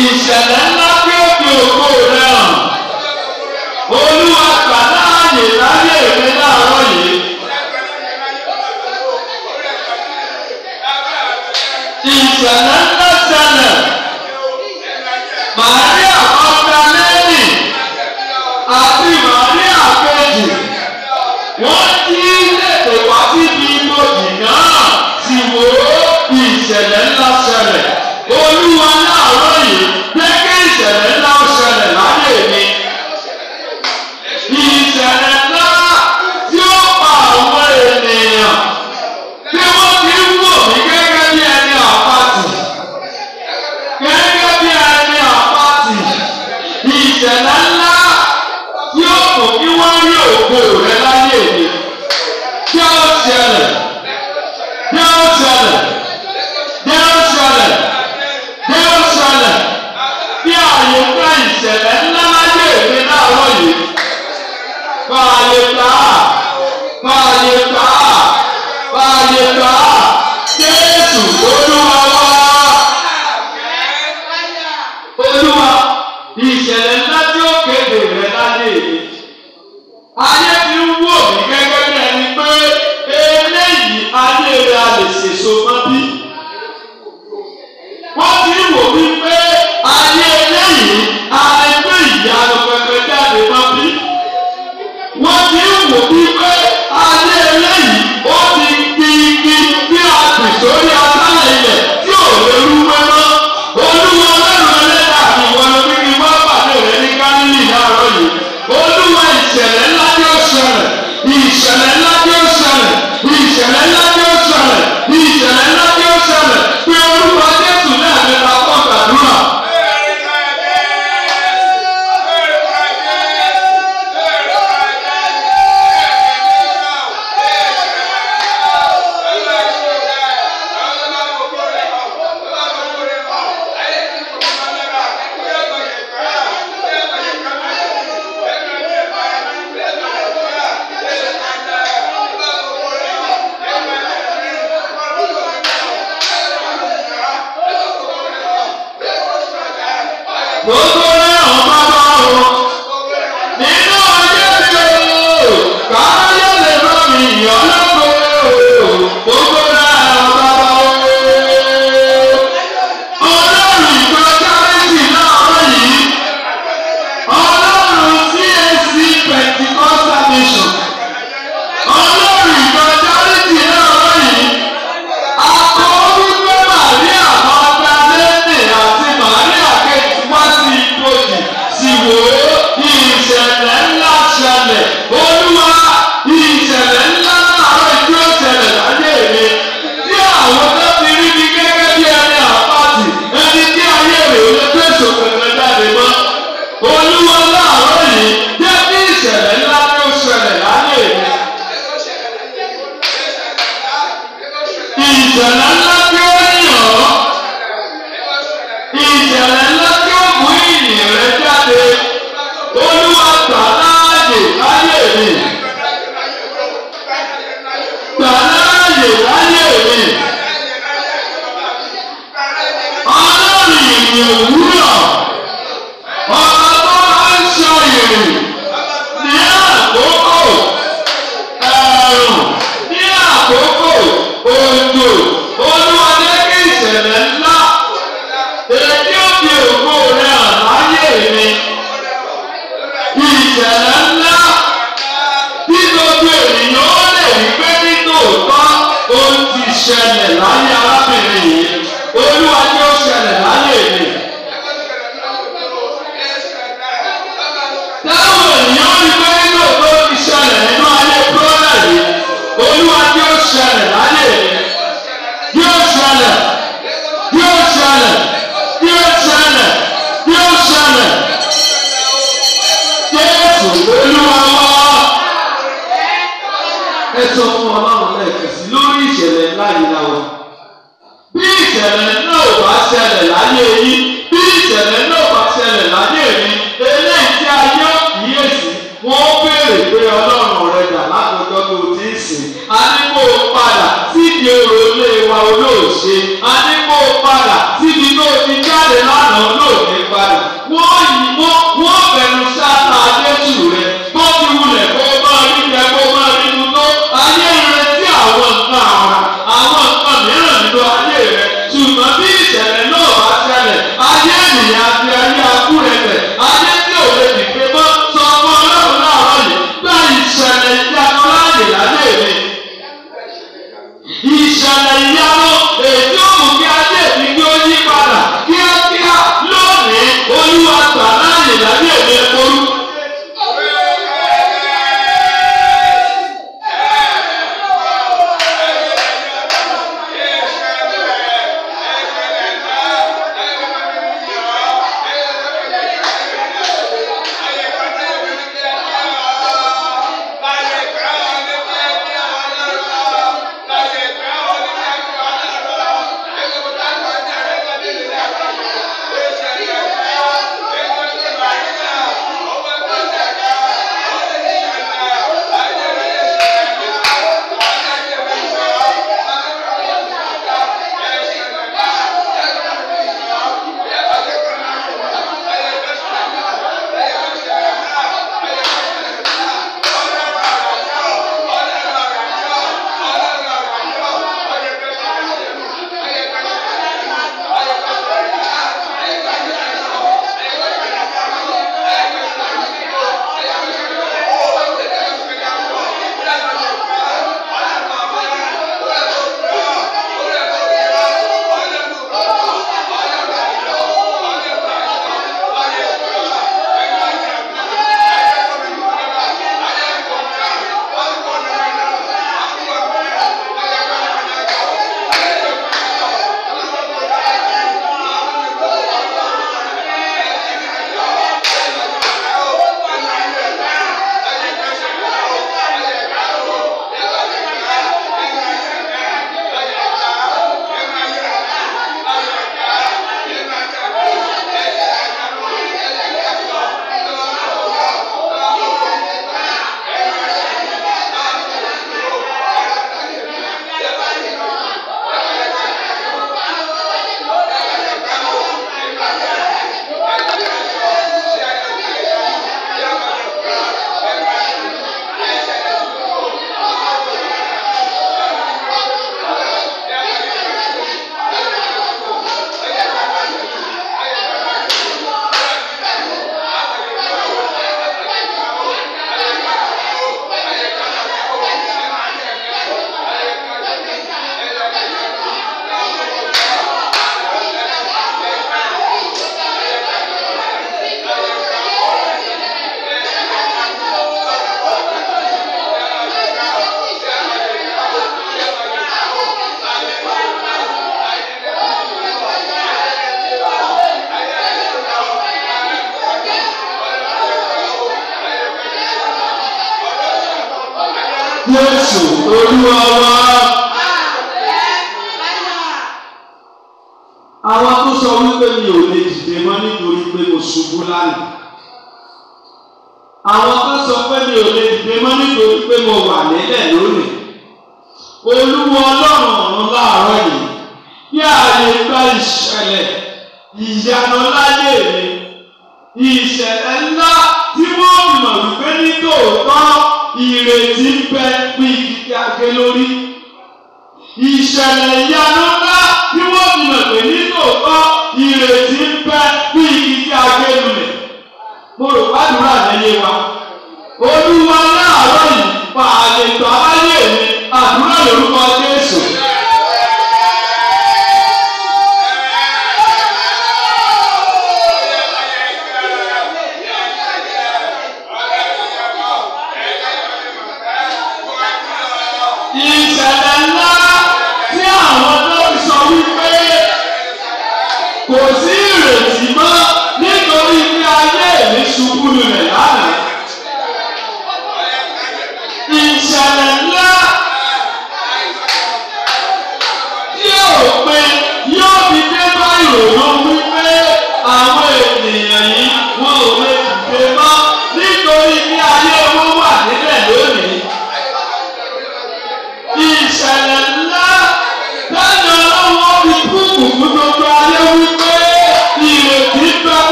ìṣẹ̀lẹ̀ ńlá tí ó fi ògo rẹ̀ hàn. Olúwa gbà láàyè láyé mi láàárọ̀ yìí. Ìṣẹ̀lẹ̀ ńlá ṣẹlẹ̀. Màríà Magdalene àti Màríà kejì wọ́n jí lèdè wá síbi ibojì náà ìṣẹ̀lẹ̀ ńlá ṣẹlẹ̀. Olúwa.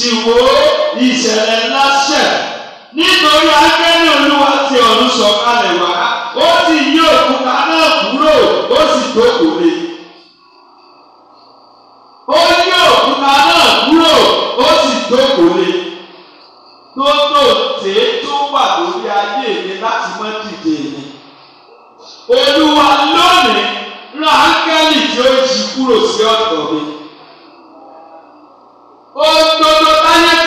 sì wo ìṣẹ̀lẹ̀ ńlá ṣẹ̀ nítorí akẹ́ni olúwa ti ọ̀run sọ̀kalẹ̀ wá ó sì yí òkúta náà kúrò ó sì dókòó lé ó yí òkúta náà kúrò ó sì dókòó lé tótó tèé tó wà lórí ayé mi láti mọ́ dìde mi olúwa lónìí rán áńgẹ́lì tí ó yí kúrò sí ọ̀dọ̀ mi. Cuando no, no!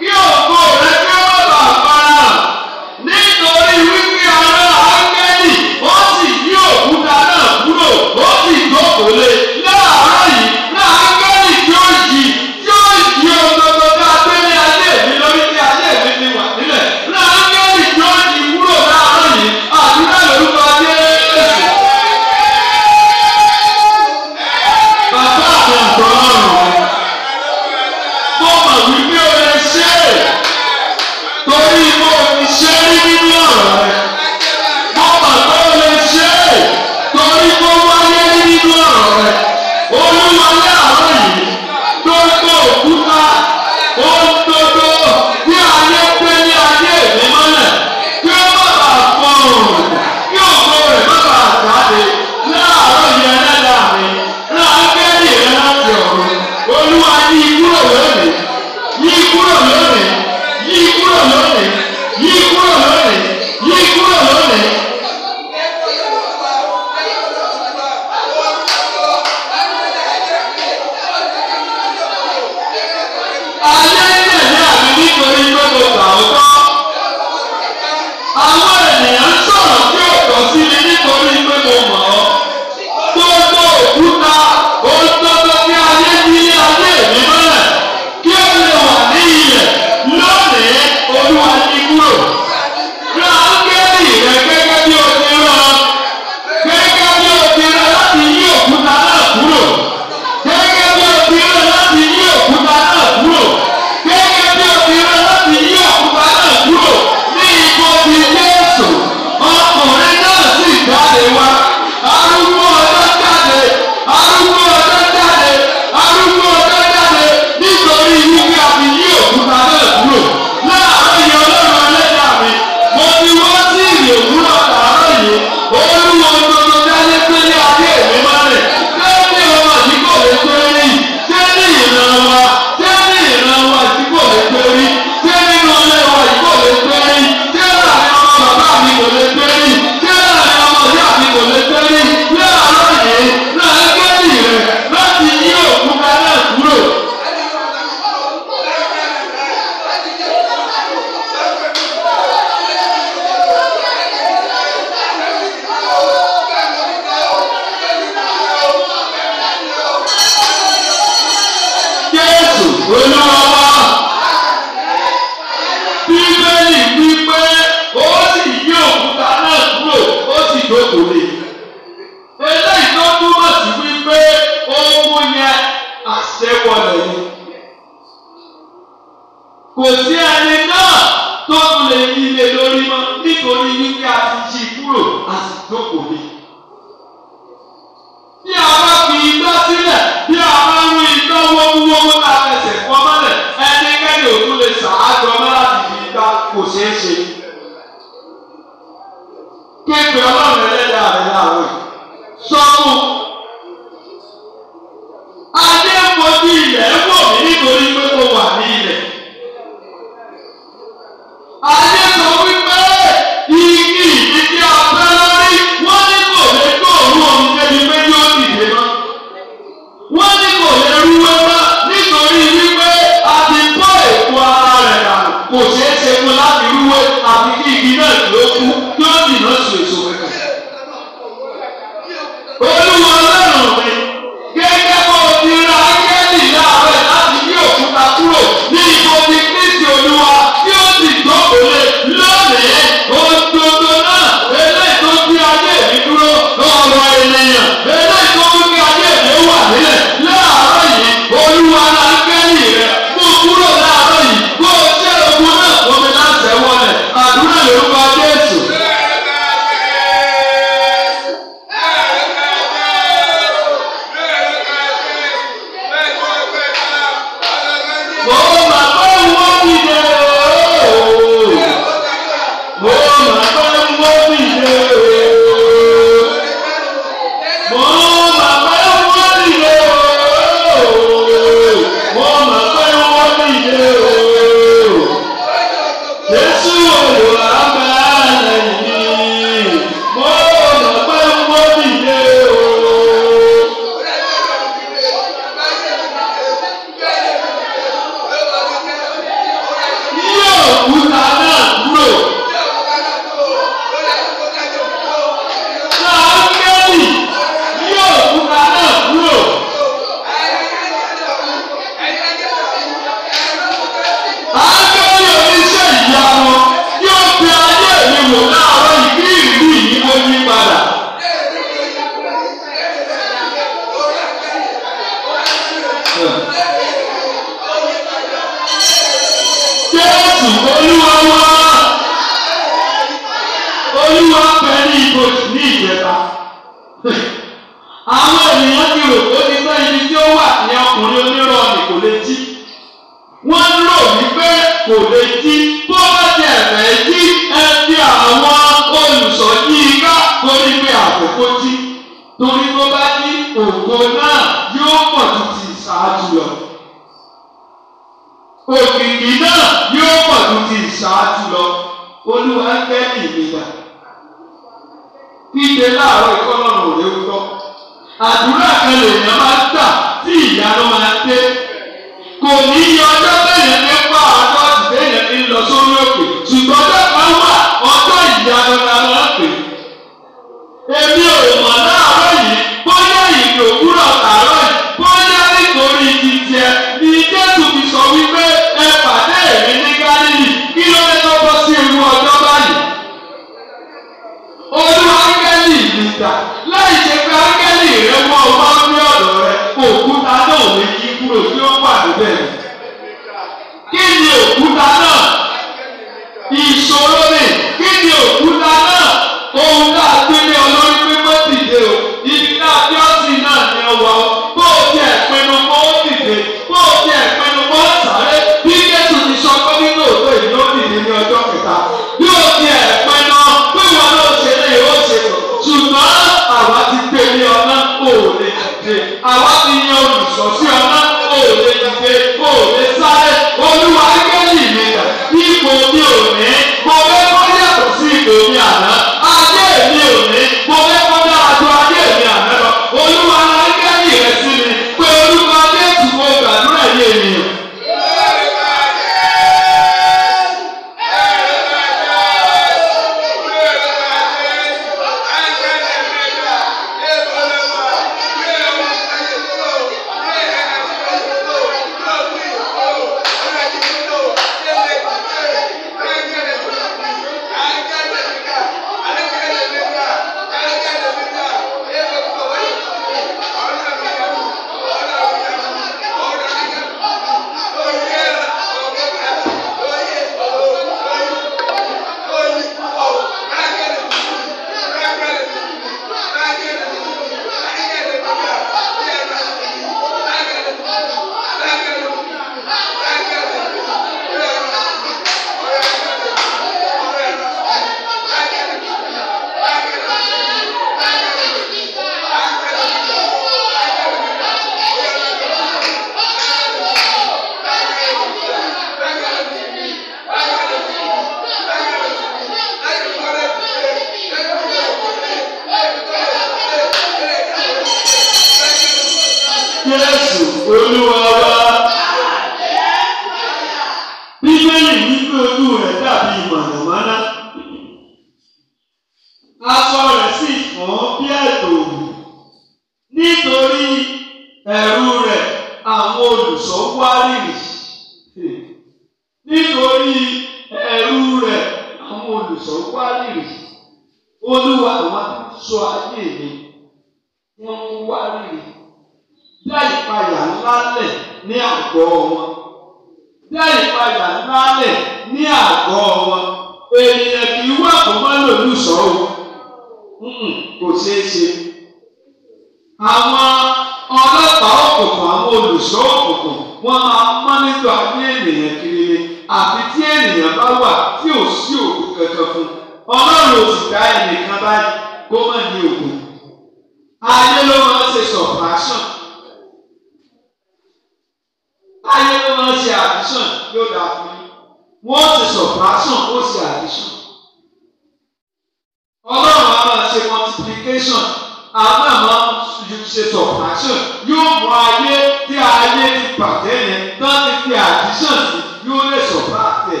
ṣètò àṣẹ yóò mú ayé tí ayé ti bàjẹ́ yẹn tán ti fi àdíṣàn sí yóò lè sọ̀rọ̀ àtẹ̀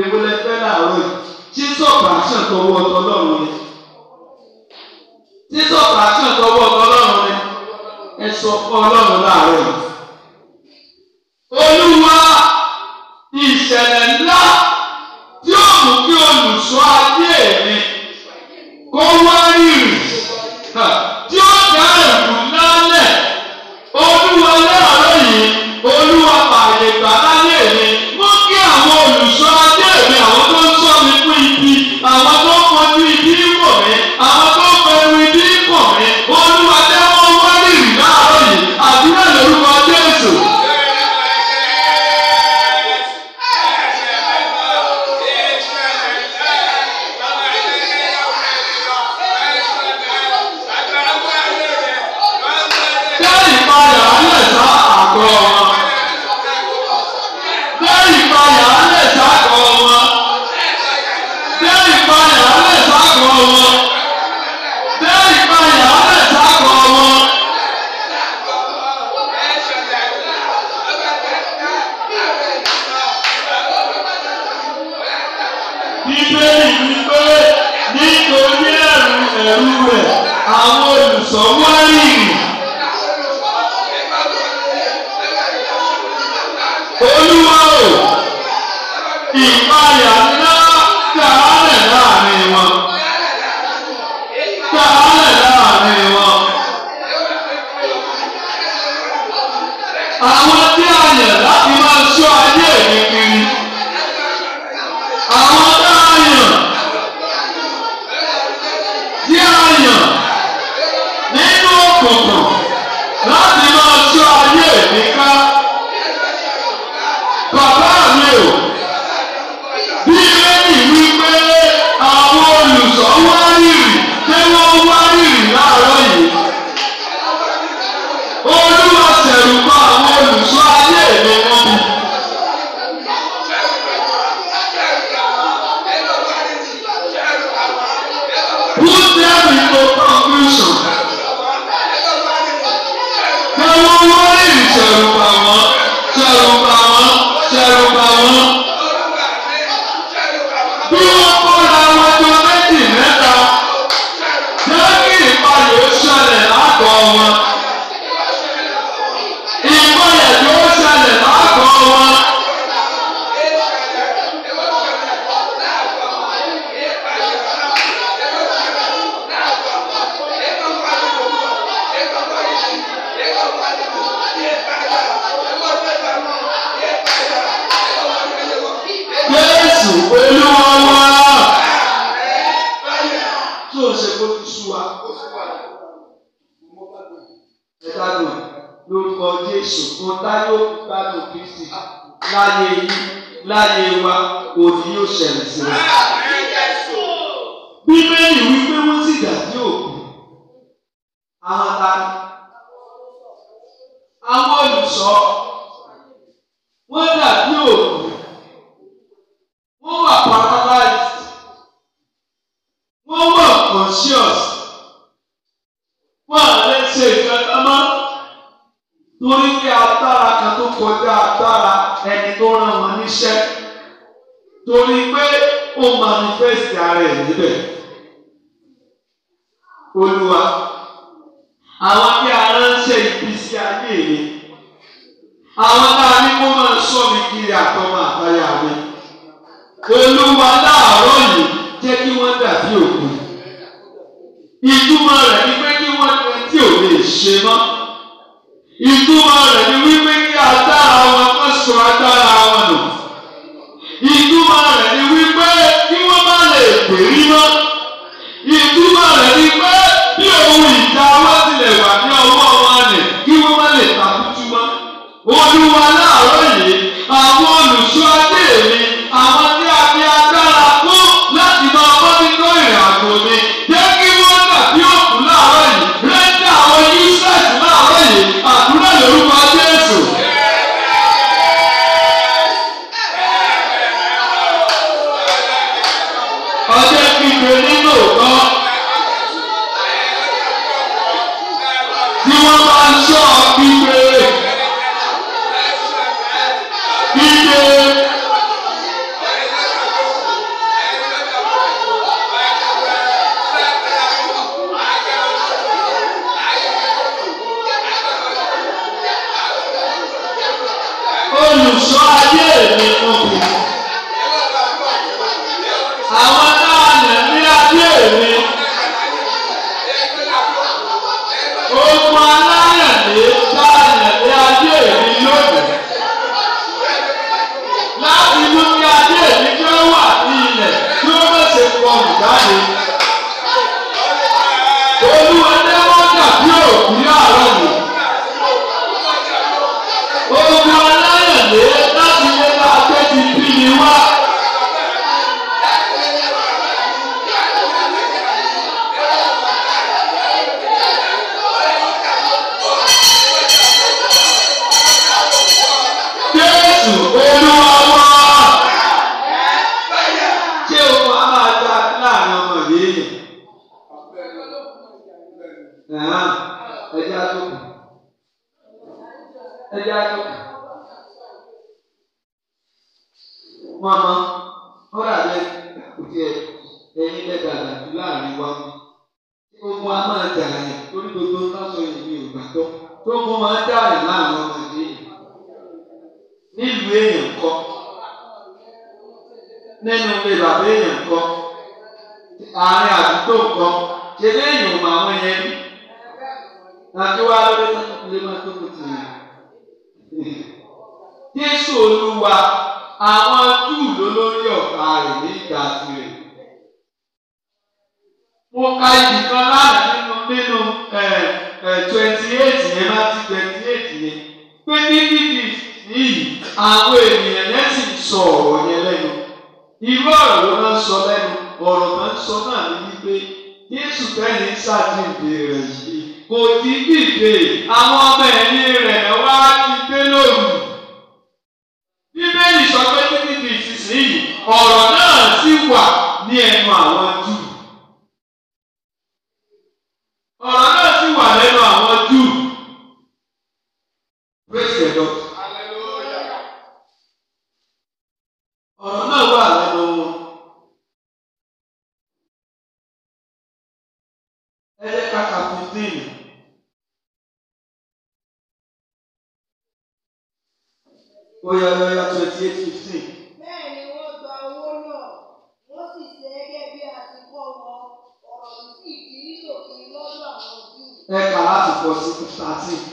ewúrẹ́ fẹ́ làárọ̀ yìí tí sọ̀rọ̀ àṣẹ tọwọ́ ọlọ́run ni tí sọ̀rọ̀ àṣẹ tọwọ́ ọlọ́run ni ẹ sọ ọlọ́run láàárọ̀ yìí. olúwa. 有时说。àwọn ènìyàn yẹn sì sọ ọ̀rọ̀ yẹn lẹ́nu irú ọ̀rọ̀ ló máa ń sọ lẹ́nu ọ̀rọ̀ máa ń sọ náà ní wípé Jésù tẹ́lẹ̀ ń ṣàdìdè rẹ̀ yìí kò ti dìde àwọn ọmọ ẹ̀yìn rẹ̀ wá ti dé lóru bíbélì sọ pé títí di ìsinsìnyí ọ̀rọ̀ náà sì wà ní ẹnu àwọn jù ọ̀rọ̀ náà. ó yá ó yá twenty eight fifteen. bẹ́ẹ̀ ni wọ́n gba owó náà wọ́n sì ṣe é gẹ́gẹ́ bí a ti kọ́ wọn ọ̀rọ̀ yìí sì di lílò kiri lọ́dọ̀ àwọn jù. ẹ kà láti pọ̀ sí thirteen.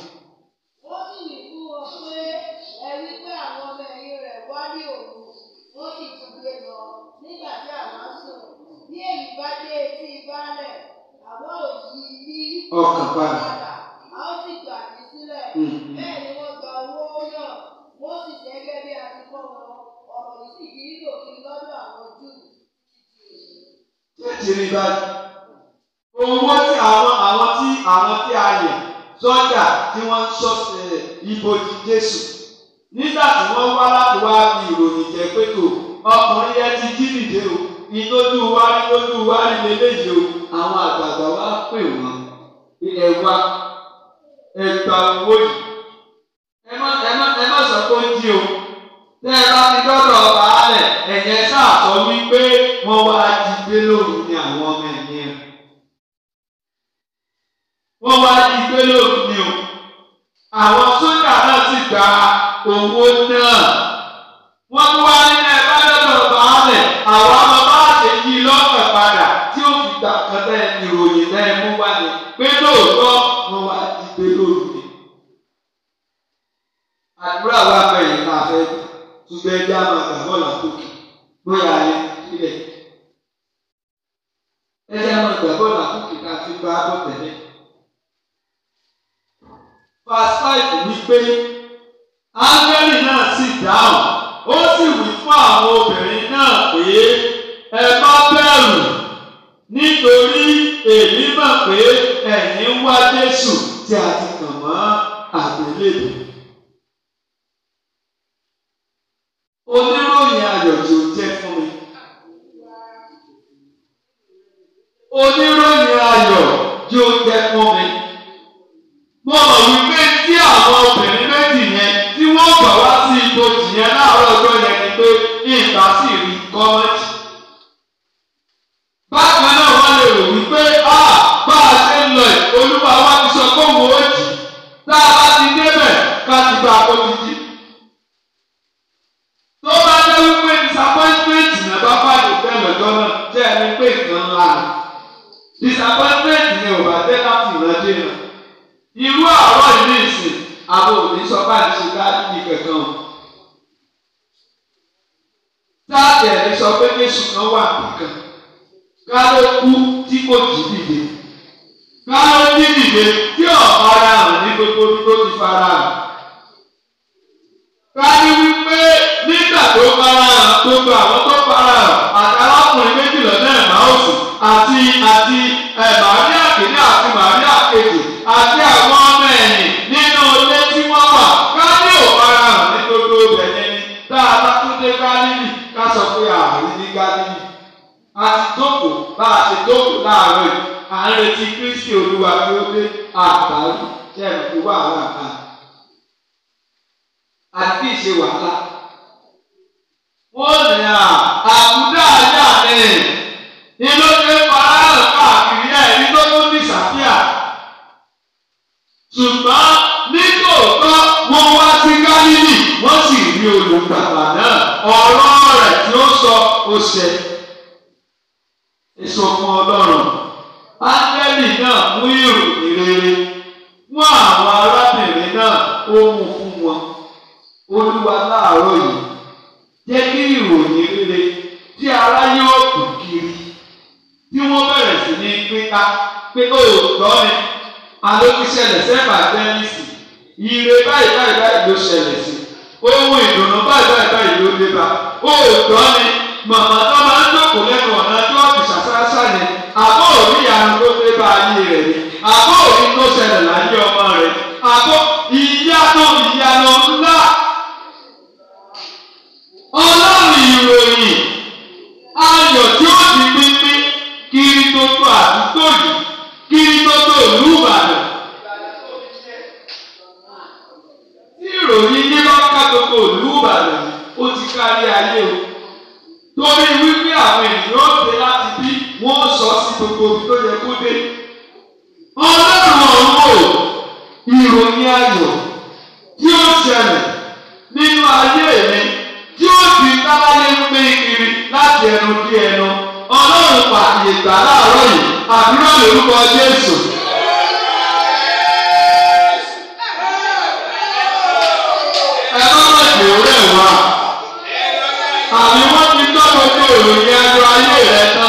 sọ pé Jésù kan wà nìkan ká ló kú tí kò jí dìde ká ló jí dìde tí ọ̀pá ara hàn ní gbogbo tí kò ti fara hàn. ká ní wípé nígbà tó fara hàn gbogbo àwọn tó fara hàn àtàlákùnrin méjìlá náà àti àti ẹ̀ máa láàárọ̀ yìí à ń retí Kristi Olúwa tí ó dé àbáyé jẹ́ ìlú wàhálà kan àti ìṣe wàhálà. wọ́n ní à àkúdá ajá mi ni ló dé faraàn káàkiri ẹ̀rí tó tún ní sàfíà ṣùgbọ́n nítòótọ́ wọ́n wá sí Gálílì wọ́n sì rí olùgbàgbà náà ọ̀rọ̀ rẹ̀ tí ó sọ ó ṣẹ èso fún ọlọ́run áńgẹ́lì náà mú ìròyìn rere mú àwọn arábìnrin náà ó mú fún wọn olúwa láàárọ̀ yìí jẹ́ kí ìròyìn rere tí ara yóò kù kiri tí wọ́n bẹ̀rẹ̀ sí ní pínká pé òótọ́ ni alókíṣẹlẹ̀ sẹ́fà tẹ́nísì ire báyìí báyìí báyìí ló ṣẹlẹ̀ sí ohun ìdùnnú báyìí báyìí báyìí ló dé bá òótọ́ ni màmá náà. wọ́n sọ sí gbogbo ibi tó yẹ kó dé. ọlọ́run ọ̀hún o ìròyìn ayọ̀ tí ó ṣẹlẹ̀ nínú ayé mi tí ó fi tábàlẹ́ ń gbé kiri láti ẹnu dí ẹnu ọlọ́run pàtì ìgbà láàárọ̀ yìí àdúrà lórúkọ Jésù. àmì wọ́n ti tọ́ gbogbo ìròyìn ẹnu ayé rẹ̀ tán.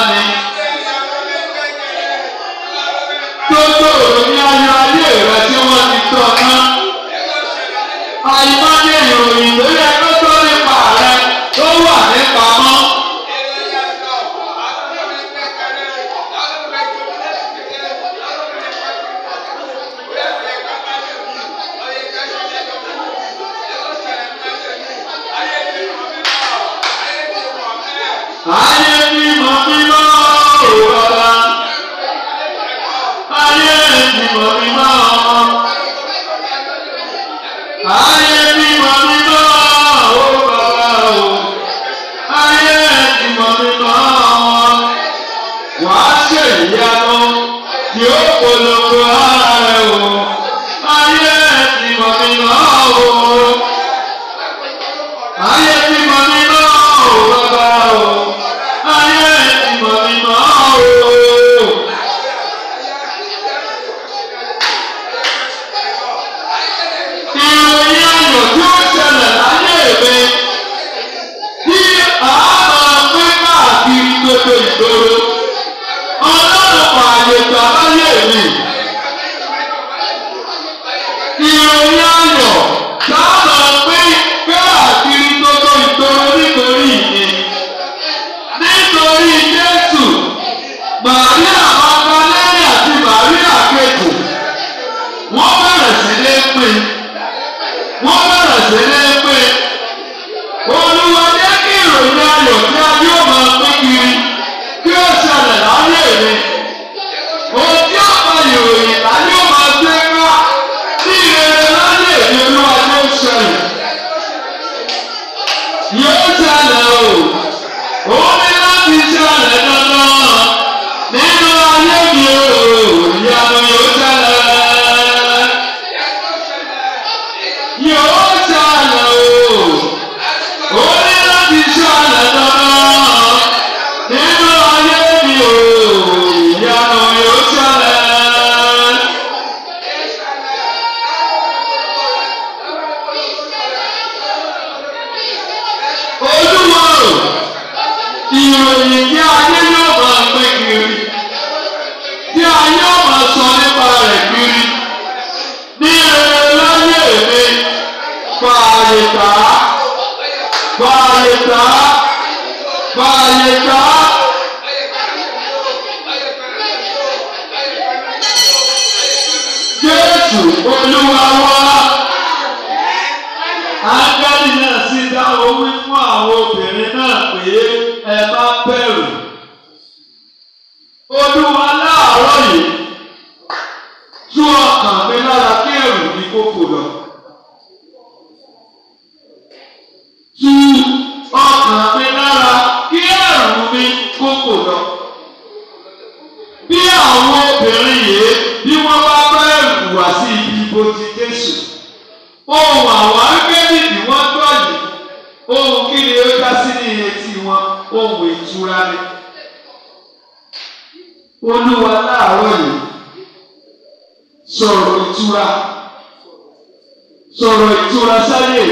Víctor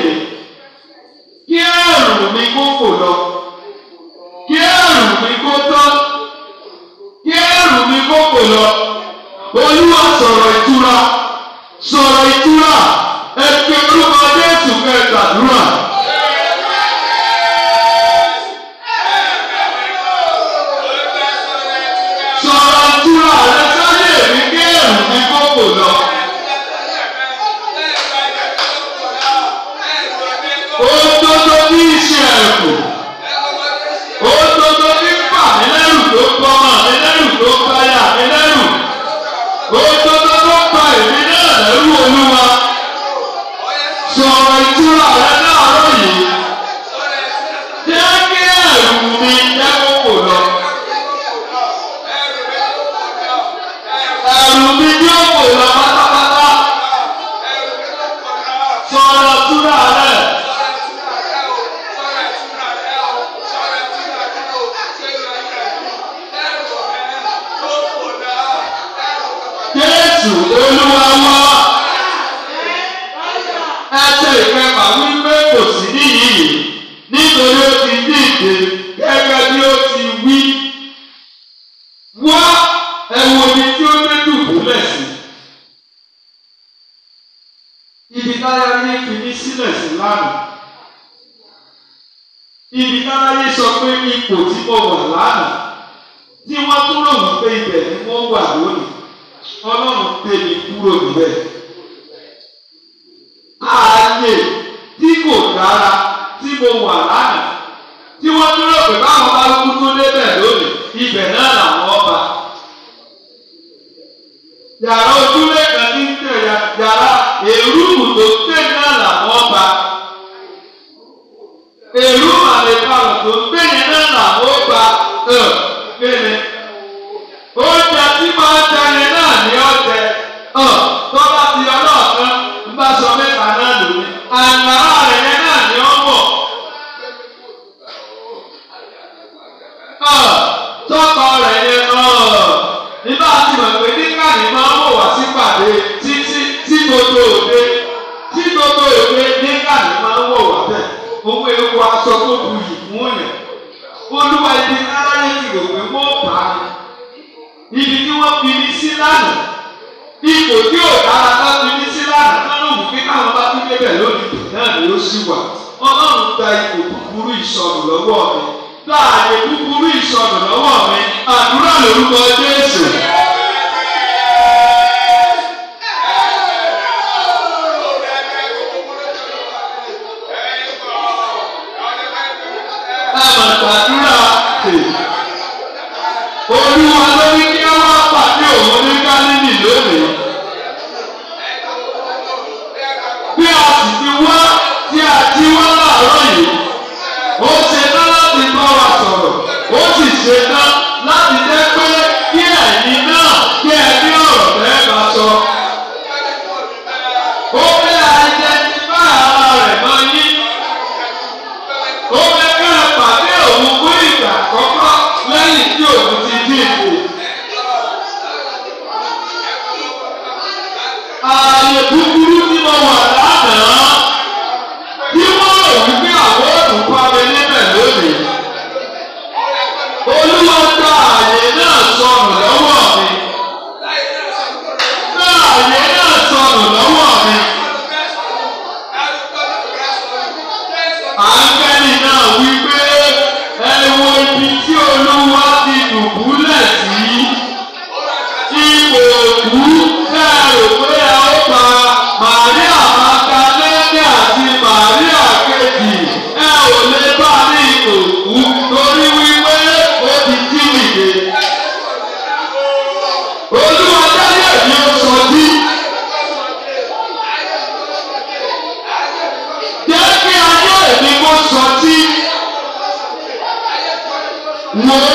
No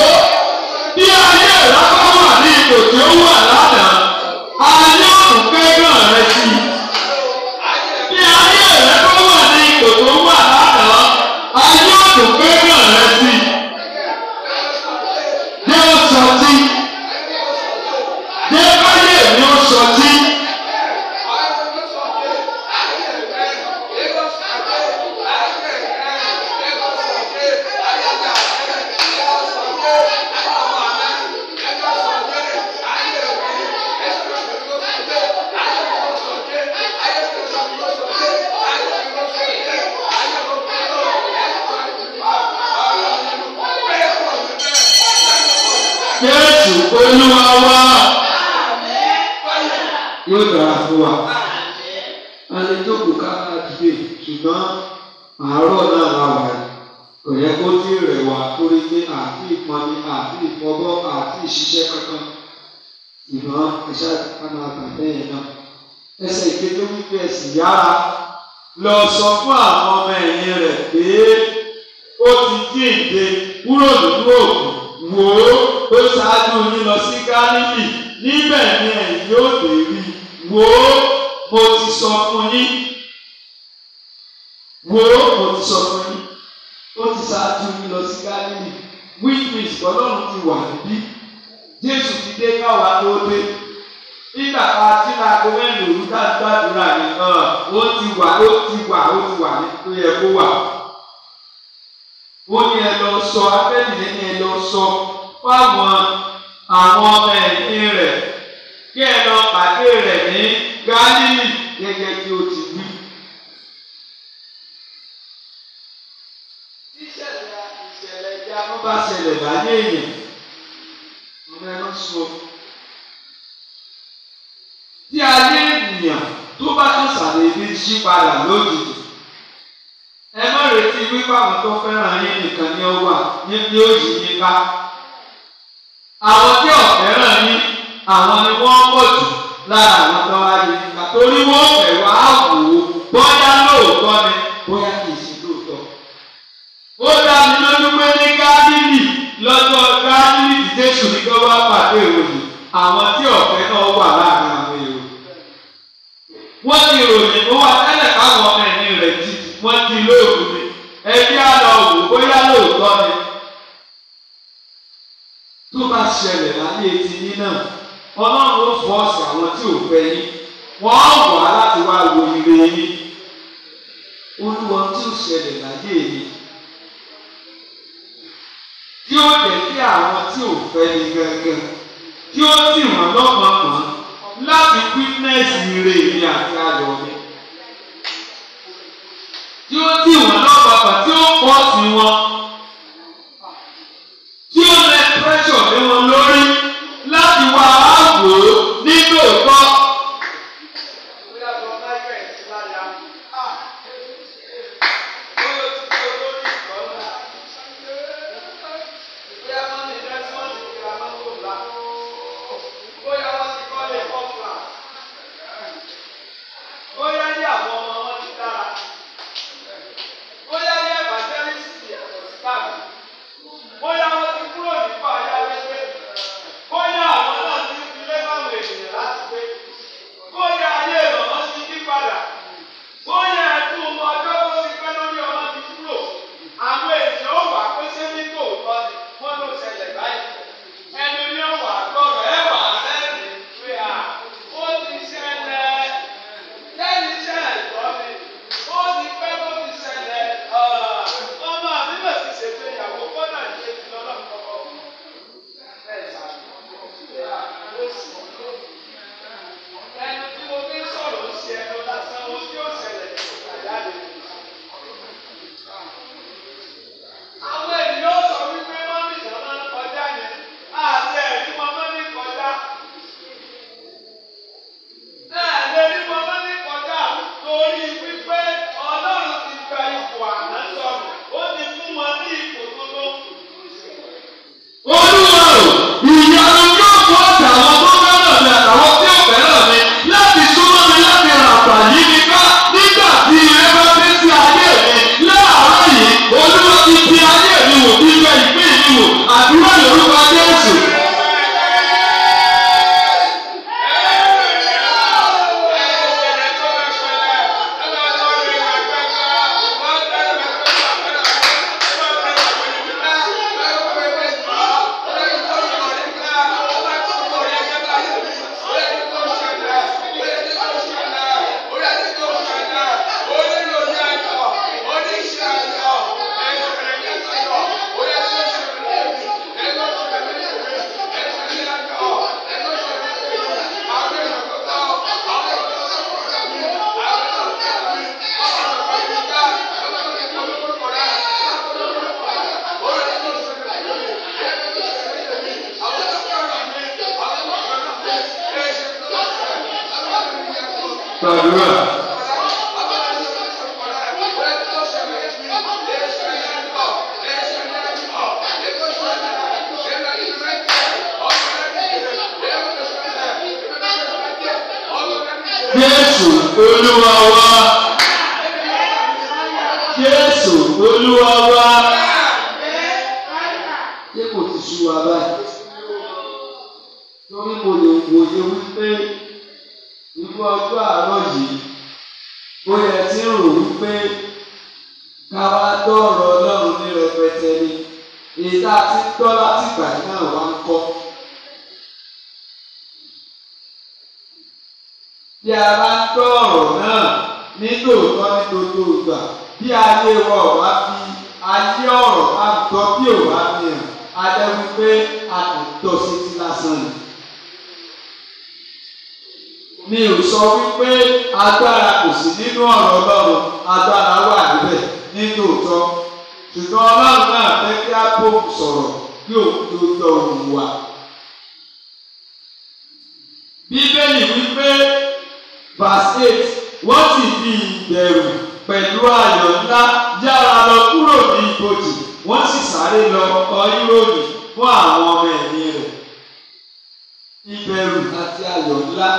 yára lọ sọ fún àwọn ọmọ ẹ̀yìn rẹ̀ pé ó ti jíǹde kúrò nínú òkú wò ó ó ṣáájú yín sí Gálílì níbẹ̀ ni ẹ̀yin yóò dé rí wò ó mo ti sọ fún yín wò ó mo ti sọ fún yín ó ti ṣáájú yín sí Gálílì which ọlọ́run ti wà níbí Jésù ti dé káwa ló dé tí bàbá tí máa gbé mẹ́rin òru a gbàdúrà ni ó ti wà ó ti wà ó ti wà tó yẹ kó wà. ó ní ẹ lọ sọ abẹ́lẹ̀ ní ẹ lọ sọ fáwọn àwọn ọmọ ẹ̀yìn rẹ̀ kí ẹ lọ pàdé rẹ̀ ní Gálílì gẹ́gẹ́ bí ó ti wí. ìṣẹ̀lẹ̀ ìṣẹ̀lẹ̀ ìjà ló bá ṣẹlẹ̀ láyé èèyàn. ọ̀rẹ́ ló sọ tí ayé ènìyàn tó bá tún ṣàdédé yí padà lójijì ẹ má retí wípé àwọn tó fẹ́ràn yín nìkan ni ó wà ní bí ó yí yín ká àwọn tí ò fẹ́ràn yín àwọn ni wọ́n pọ̀ jù lára àwọn tó wá yí yín torí wọ́n fẹ́ wá wò lóòótọ́ ni bóyá kì í ṣe lóòótọ́ ó dá mi lójú pé ní Gálílì lọ́jọ́ Gálílì ti Jésù ní gbọ́dọ̀ pàdé ìròyìn àwọn tí ọ̀fẹ́ náà wà láàrin àwọn èèyàn wọ́n ti ròyìn ó wà tẹ́lẹ̀ káwọn ọmọ ẹ̀mí rẹ̀ jì wọ́n ti lóògùn ni ẹbí àlọ́ òwò bóyá lóòótọ́ ni. tó bá ṣẹlẹ̀ láyé etí yín náà ọlọ́run ó fọ́ ọ̀sẹ̀ àwọn tí ò fẹ́ yín wọ́n wà láti wá wo ire yín olúwa tí ò ṣẹlẹ̀ láyé yín tí ó tẹ̀ sí àwọn tí ò fẹ́ yín gángan tí ó sì wọ́n lọ́mọ̀ọ́mọ́ láti wítínẹ́sì rè ní àti ayọ̀ mi. tí ó tì wọ́n lọ́pàá tí ó pọ̀ sí wọn. sọ̀rọ̀ kí òdodo wà. Bíbélì wípé verse eight wọ́n sì fi ìbẹ̀rù pẹ̀lú ayọ̀ ńlá yára lọ kúrò ní ibojì wọ́n sì sáré lọ ọyúròyìn fún àwọn ọmọ ẹ̀mí rẹ̀. Ìbẹ̀rù àti ayọ̀ ńlá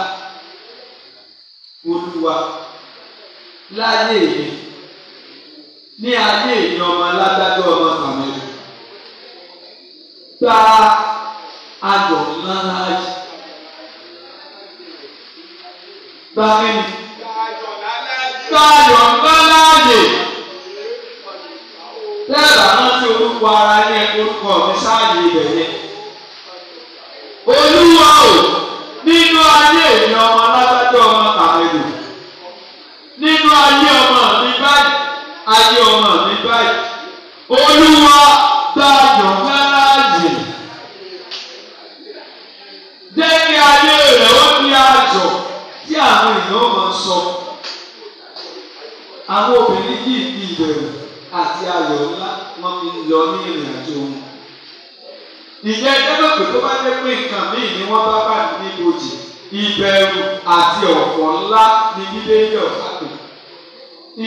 Olúwa láyé mi ní ayé ìyọmọ aládájọ́ ọmọ kpaa anɔ laayi gbamin gbayɔ laayi tẹ́lá náà ti orúkọ ara ní orúkọ mi sáàyè ibẹ̀ yẹn olúwa o nínú ayé mi ọmọ alágbájọ ọmọ tàbí nínú ayé ọmọ mi báyìí ayé ọmọ. àwọn obìnrin yìí fi ìbẹ̀rù àti ayọ̀ ńlá wọ́n fi lọ ní ìrìn àjò wọn. ìjẹ́ ẹgbẹ́ pé tó bá jẹ́ pé nǹkan míì ni wọ́n bá bá ní ibojì ìbẹ̀rù àti ọ̀fọ̀ ńlá ni bíbélì ọ̀sà pè.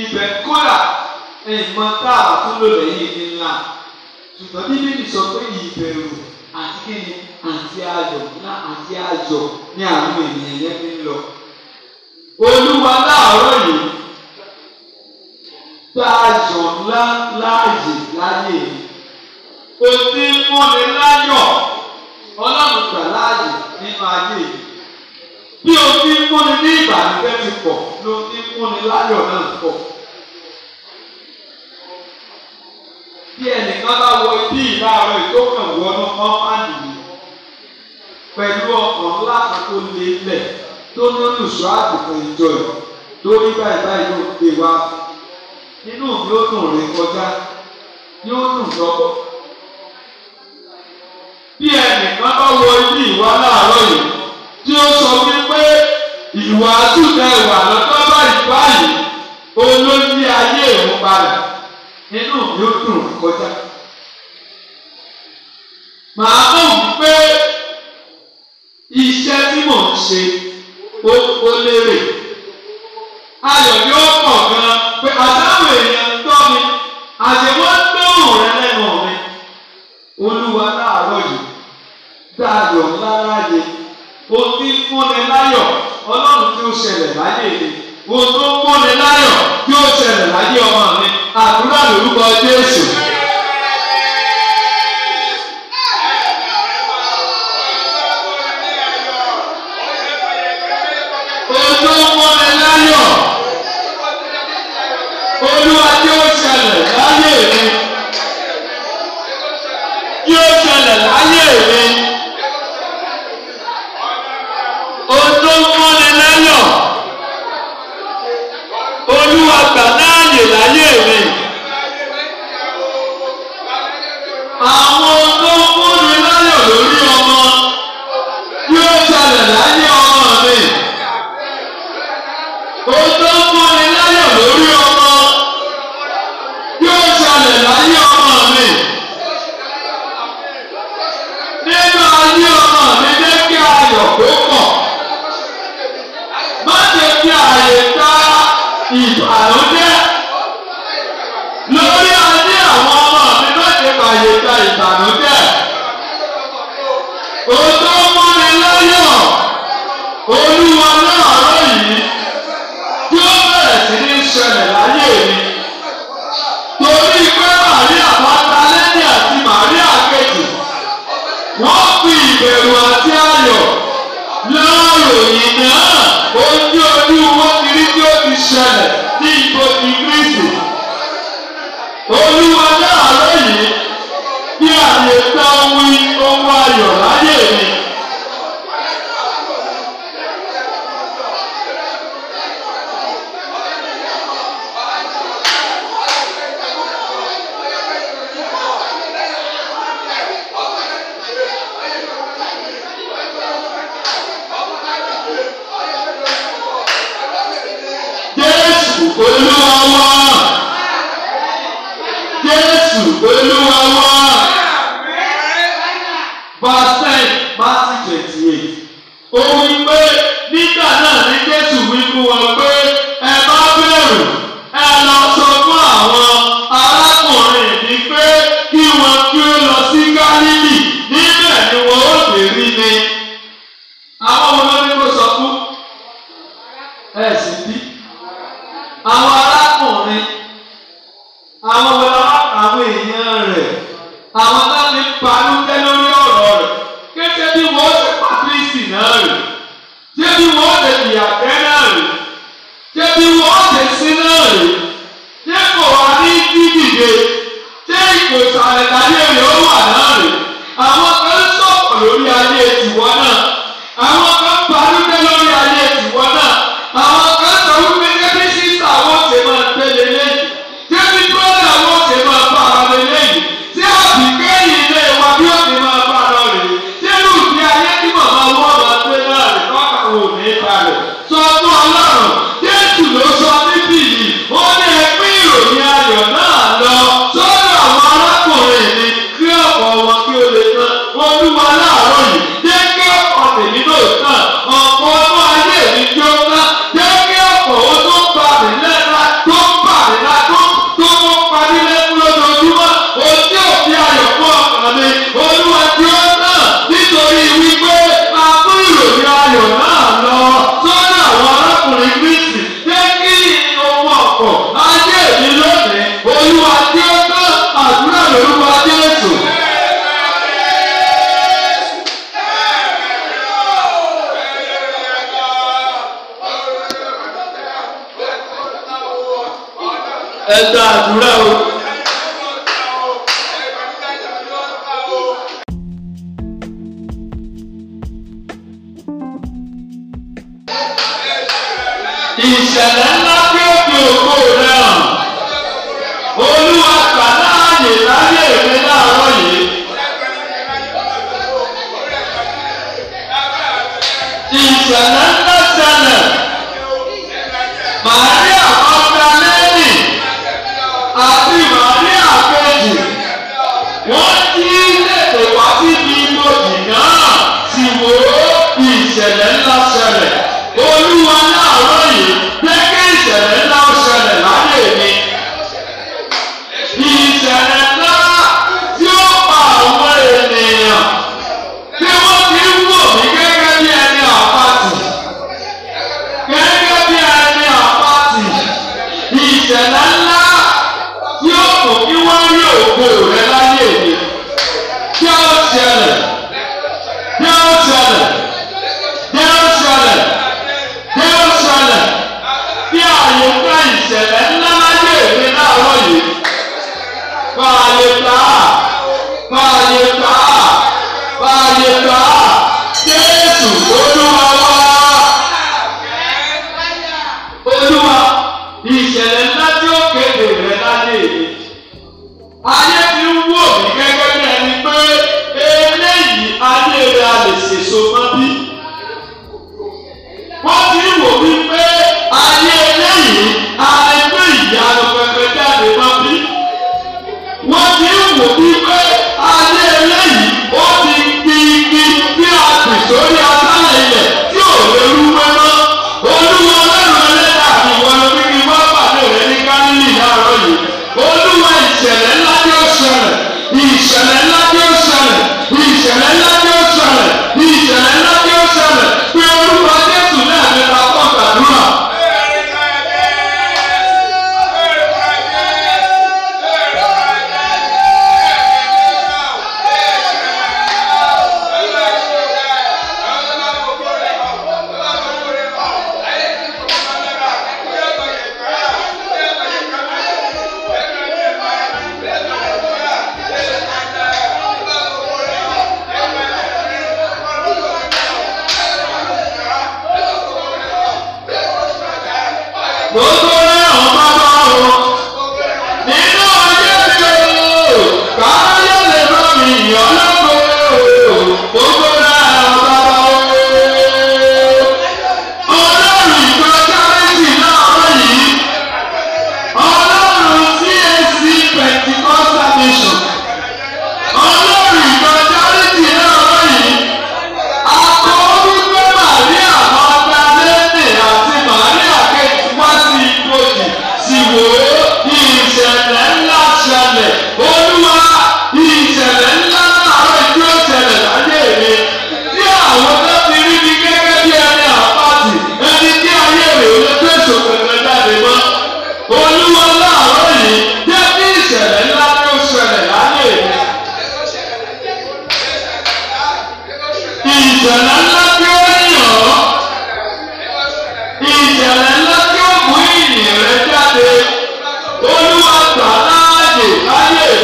ibẹ̀ kọ́là ìmọ̀ tá a tún lò lẹ́yìn ní ńlá ṣùgbọ́n bíbélì sọ pé ìbẹ̀rù àti kíni àti ayọ̀ ńlá àti ayọ̀ ni àwọn ènìyàn yẹn fi ń lọ. olúwa láàárọ̀ yìí tá a yọ̀ ńlá láàyè láyè o ti mọ́ni láyọ̀ ọlọ́run gbà láàyè nínú ayé yìí bí o ti mọ́ni ní ìbànújẹ́ ti pọ̀ ló ti mọ́ni láyọ̀ náà pọ̀. bí ẹnìkan bá wọ ibi ìlàrọ̀ ìtókàn wọnú ọ́mánì yìí pẹ̀lú ọkàn ńlá kan tó lé lẹ̀ tó ní olùṣọ́ àgùntàn ìjọ yìí lórí báyìí báyìí ló gbé wá inú mi ó dùn rìn kọjá yóò dùn lọ́kọ́. bí ẹnìkan bá wọ ilé ìwà láàárọ̀ yìí tí ó sọ wípé ìwà àtúntà ìwà lọ́tọ́ báyìí báyìí olóyè ayé ìwọ̀n padà inú mi ó dùn rìn kọjá. màá mọ̀ wípé iṣẹ́ tí mò ń ṣe ó lérè ayọ̀ dáyọ̀ ńlá láyé ohun tí ń múni láyọ̀ ọlọ́run tí ó ṣẹlẹ̀ láyé mi ohun tó ń múni láyọ̀ tí ó ṣẹlẹ̀ láyé ọmọ mi àdúrà lórúkọ Jésù. àwọn ìròyìn náà ohun tí ojú wọn ti rí tí ó ti ṣẹlẹ̀ ní ìbò ti Kristi. Olúwa náà lẹ́yìn bí àyè tán wí ohun ayọ̀ láyè rẹ̀. Jésù Olúwa wá. Verse ten, Matthew twenty-eight. ìṣẹ̀lẹ̀ ńlá tí ó òkú rẹ̀ hàn olúwa gbà láàyè láyé mi láàárọ̀ yìí. ìṣẹ̀lẹ̀ ńlá ṣẹlẹ̀.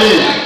aí.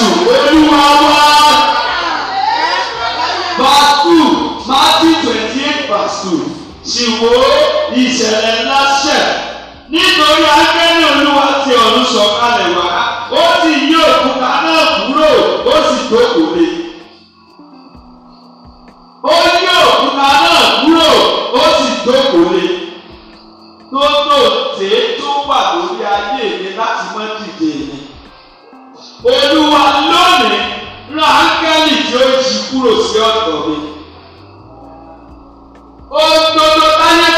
verse two matthew twenty eight verse two ṣìwò ìṣẹ̀lẹ̀ ńlá ṣẹ̀ nítorí akẹ́ni olúwa ti ọ̀run sọ̀kalẹ̀ wá ó sì yí òkúta náà kúrò ó sì jókòó lé. ó yí òkúta náà kúrò ó sì jókòó lé. tó tó tèé tó wà lórí ayé mi láti mọ́ dìde mi. olú kúrò sí ọ̀dọ̀ mi. Ó tó tó tánà.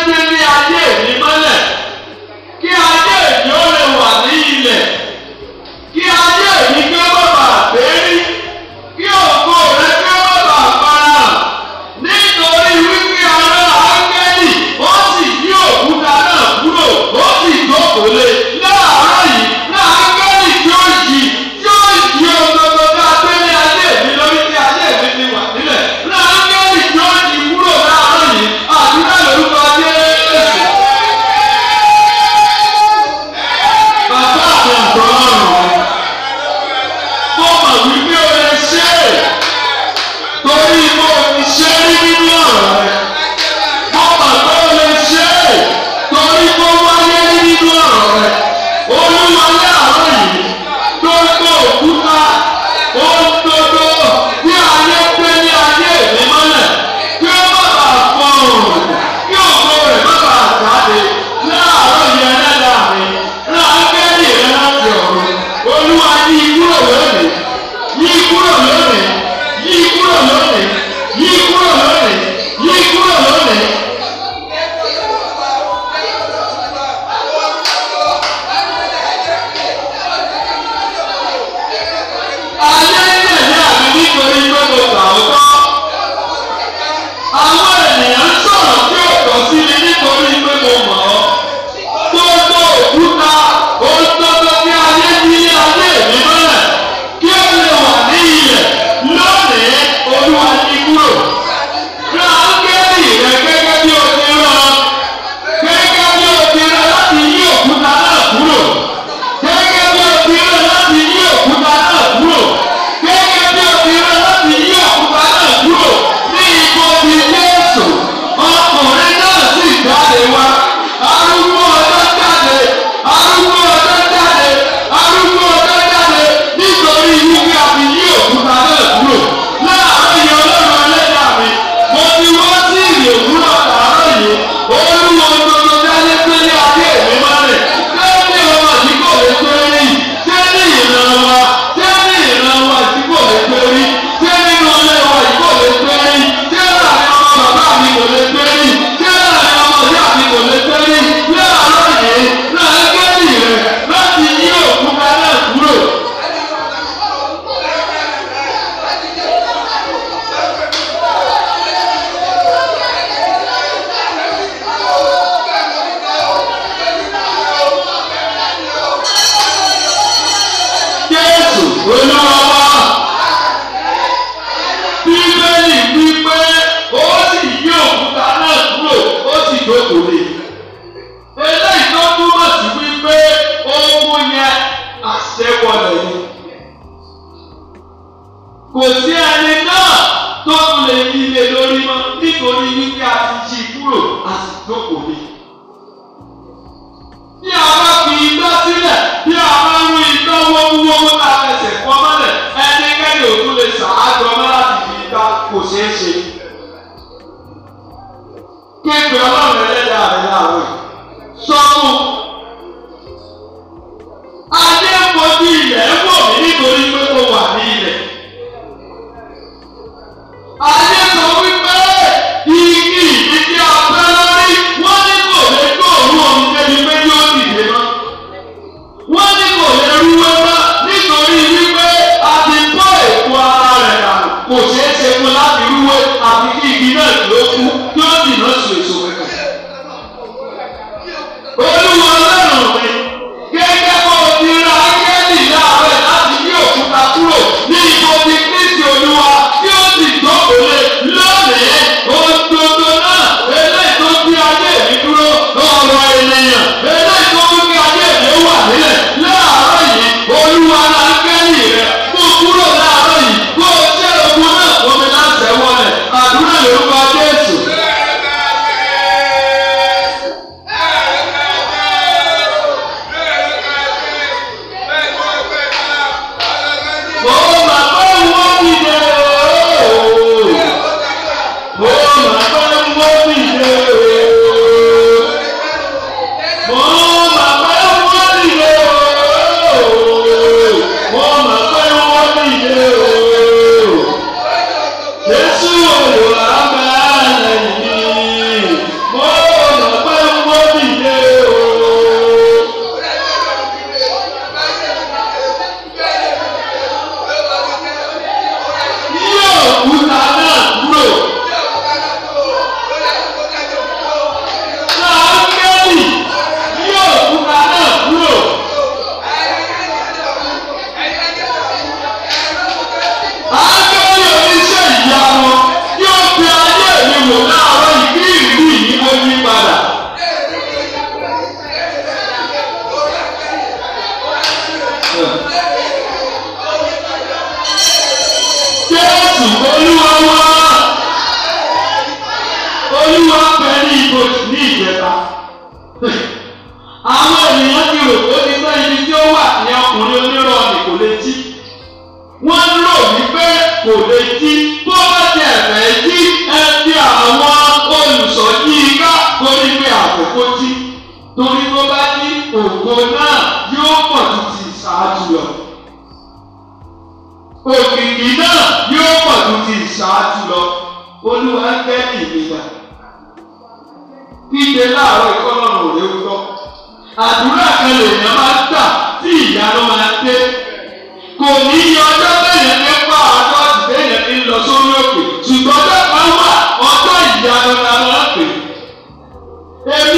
Amen.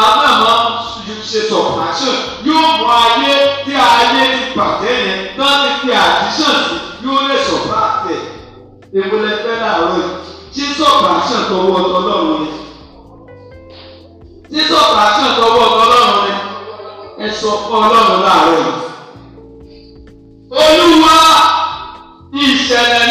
àmàmà ṣètò àṣàn yóò mú ayé tí ayé ti bàjẹ́ yẹn láti fi àdíṣàn sí yóò lè sọ̀bà tẹ̀. èwo lẹ fẹ́ láàárọ̀ yìí ṣé sọ̀bà àṣàn tọwọ́ tọlọ́run ni ṣé sọ̀bà àṣàn tọwọ́ tọlọ́run ni ẹ sọ ọlọ́run láàárọ̀ yìí. olúwa ìṣẹ̀lẹ̀.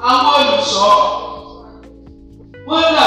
a um sol, só. Quando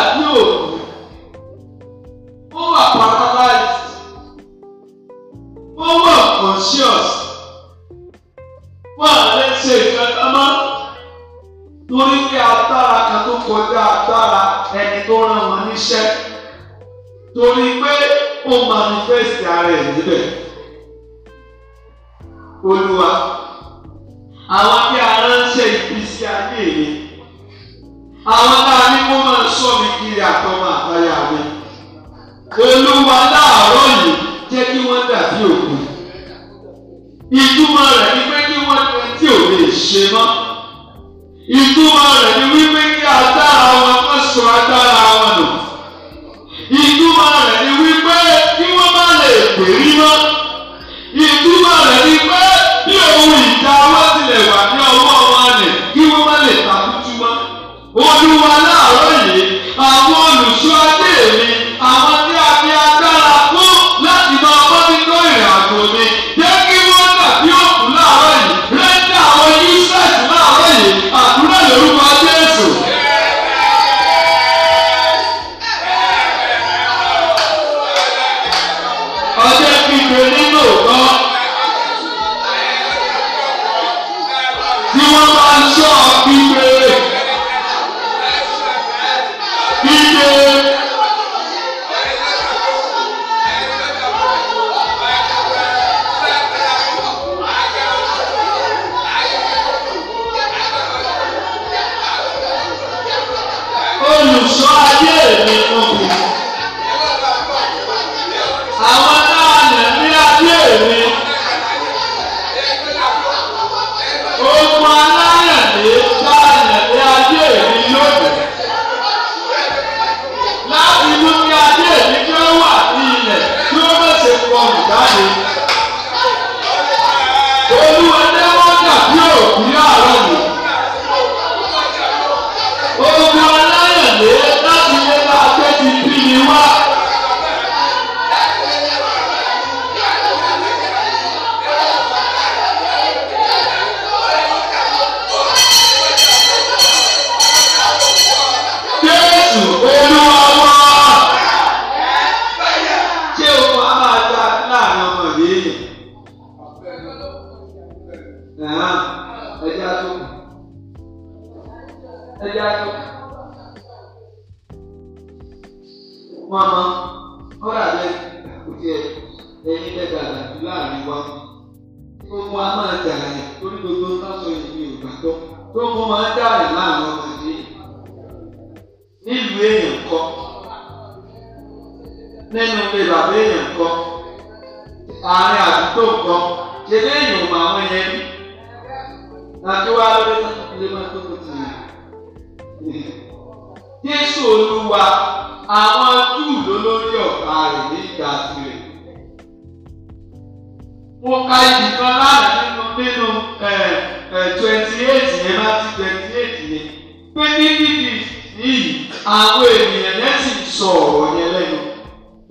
àwọn ènìyàn náà sì sọ ọ̀rọ̀ yẹn lẹ́nu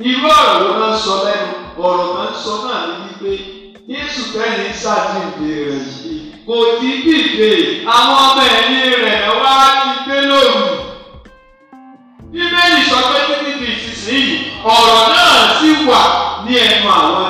irú ọ̀rọ̀ ló máa ń sọ lẹ́nu ọ̀rọ̀ máa ń sọ náà ní wípé Jésù kẹ́ni ṣàdìdè rẹ̀ yìí kò ti dìde àwọn ọmọ ẹ̀yìn rẹ̀ wá ti dé lóru bíbélì sọ pé títí di ìsinsìnyí ọ̀rọ̀ náà sì wà ní ẹnu àwọn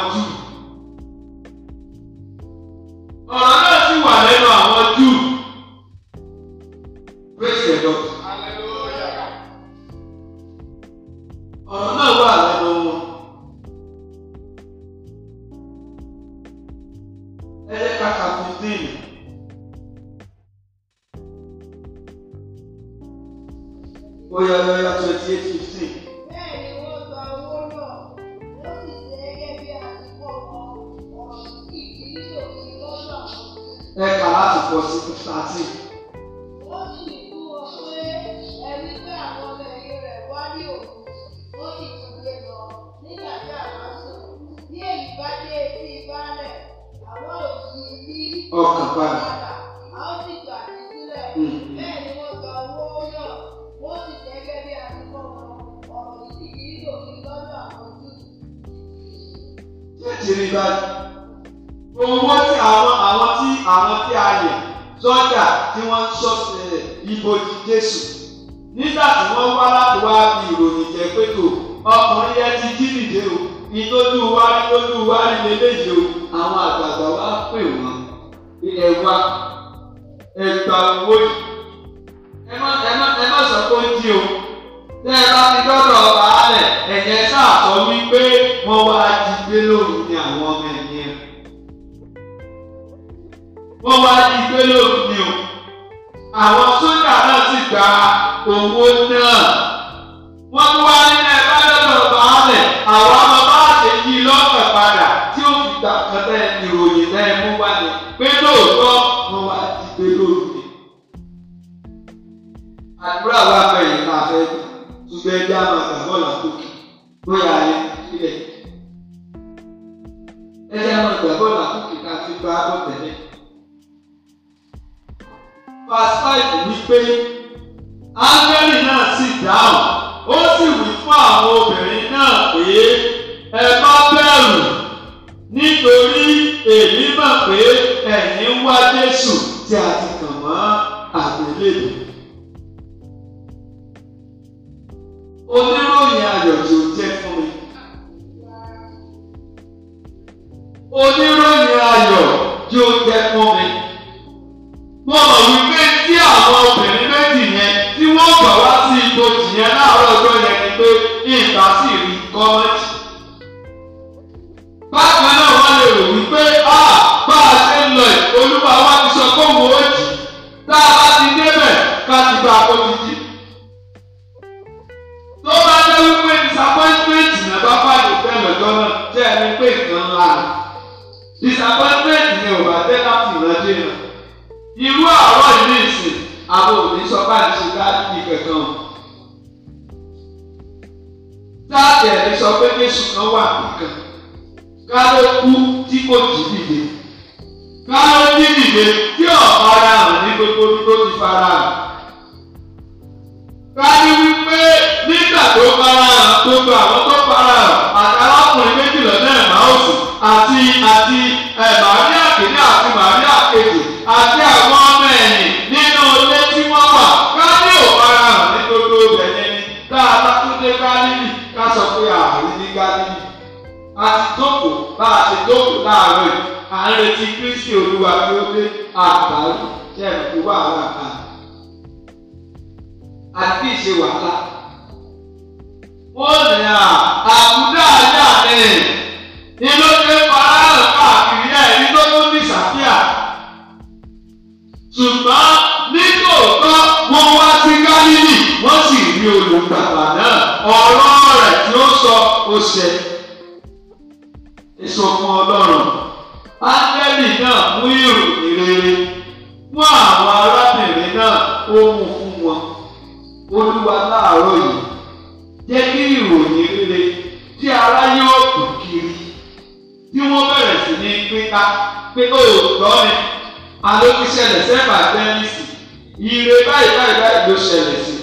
táàtì ẹ̀rí sọ pé Jésù kan wà nìkan ká ló kú tí kò jí dìde ká ló jí dìde tí ò fara hàn ní gbogbo bí tó ti fara hàn ká ní wípé nígbà tó fara hàn gbogbo àwọn tó fara hàn àtàlákùnrin méjìlá náà máa ń sùn àti àti ẹ̀ màríà kìíní àti màríà kejì àti àwọn. láàárọ̀ yìí à ń retí Kristi Olúwa tí ó dé àbáyé jẹ́ ẹ̀kú wàhálà kan àti ìṣe wàhálà. wọ́n ní à àkúdá ayé àlẹ́ inú ṣe faraàlú káàkiri ẹ̀rí tó tó ní sàfíà ṣùgbọ́n nítòótọ́ wọ́n wá sí Gálílì wọ́n sì rí olùgbàgbà náà ọ̀rọ̀ rẹ̀ tí ó sọ ó ṣẹ. èso fún Ọlọ́run ángẹ́lì náà mú ìròyìn rere fún àwọn arábìnrin náà ó mú fún wọn olúwa láàárọ̀ yìí jẹ́ kí ìròyìn rere tí ará yóò kù kiri tí wọ́n bẹ̀rẹ̀ sí ní pínká pé òòtọ́ ni alókíṣẹlẹ̀ sẹ́fà tẹ́nísì ire báyìí báyìí báyìí ló ṣẹlẹ̀ sí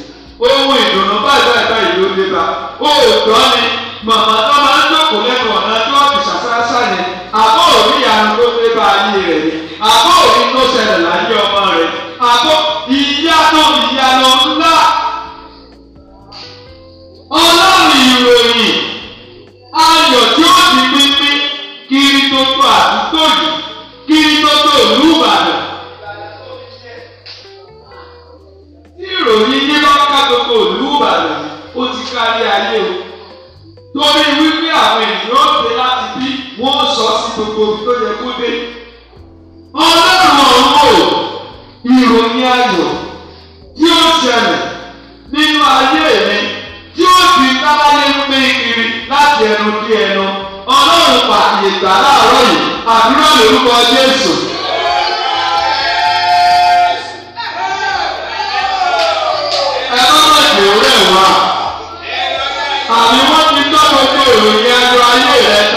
ohun ìdùnnú báyìí báyìí báyìí ló dé bá òòtọ́ ni màmá náà. wọ́n sọ sí gbogbo ibi tó yẹ kó dé. ọlọ́run ọ̀hún o ìròyìn ayọ̀ tí ó ṣẹlẹ̀ nínú ayé mi tí ó fi tábàlẹ́ ń pín kiri láti ẹnu dé ẹnu ọlọ́run pàtàkì ìgbà láàárọ̀ yìí àdúrà lórúkọ Jésù. àmì wọ́n ti tọ́ gbogbo ìròyìn ẹnu ayé rẹ̀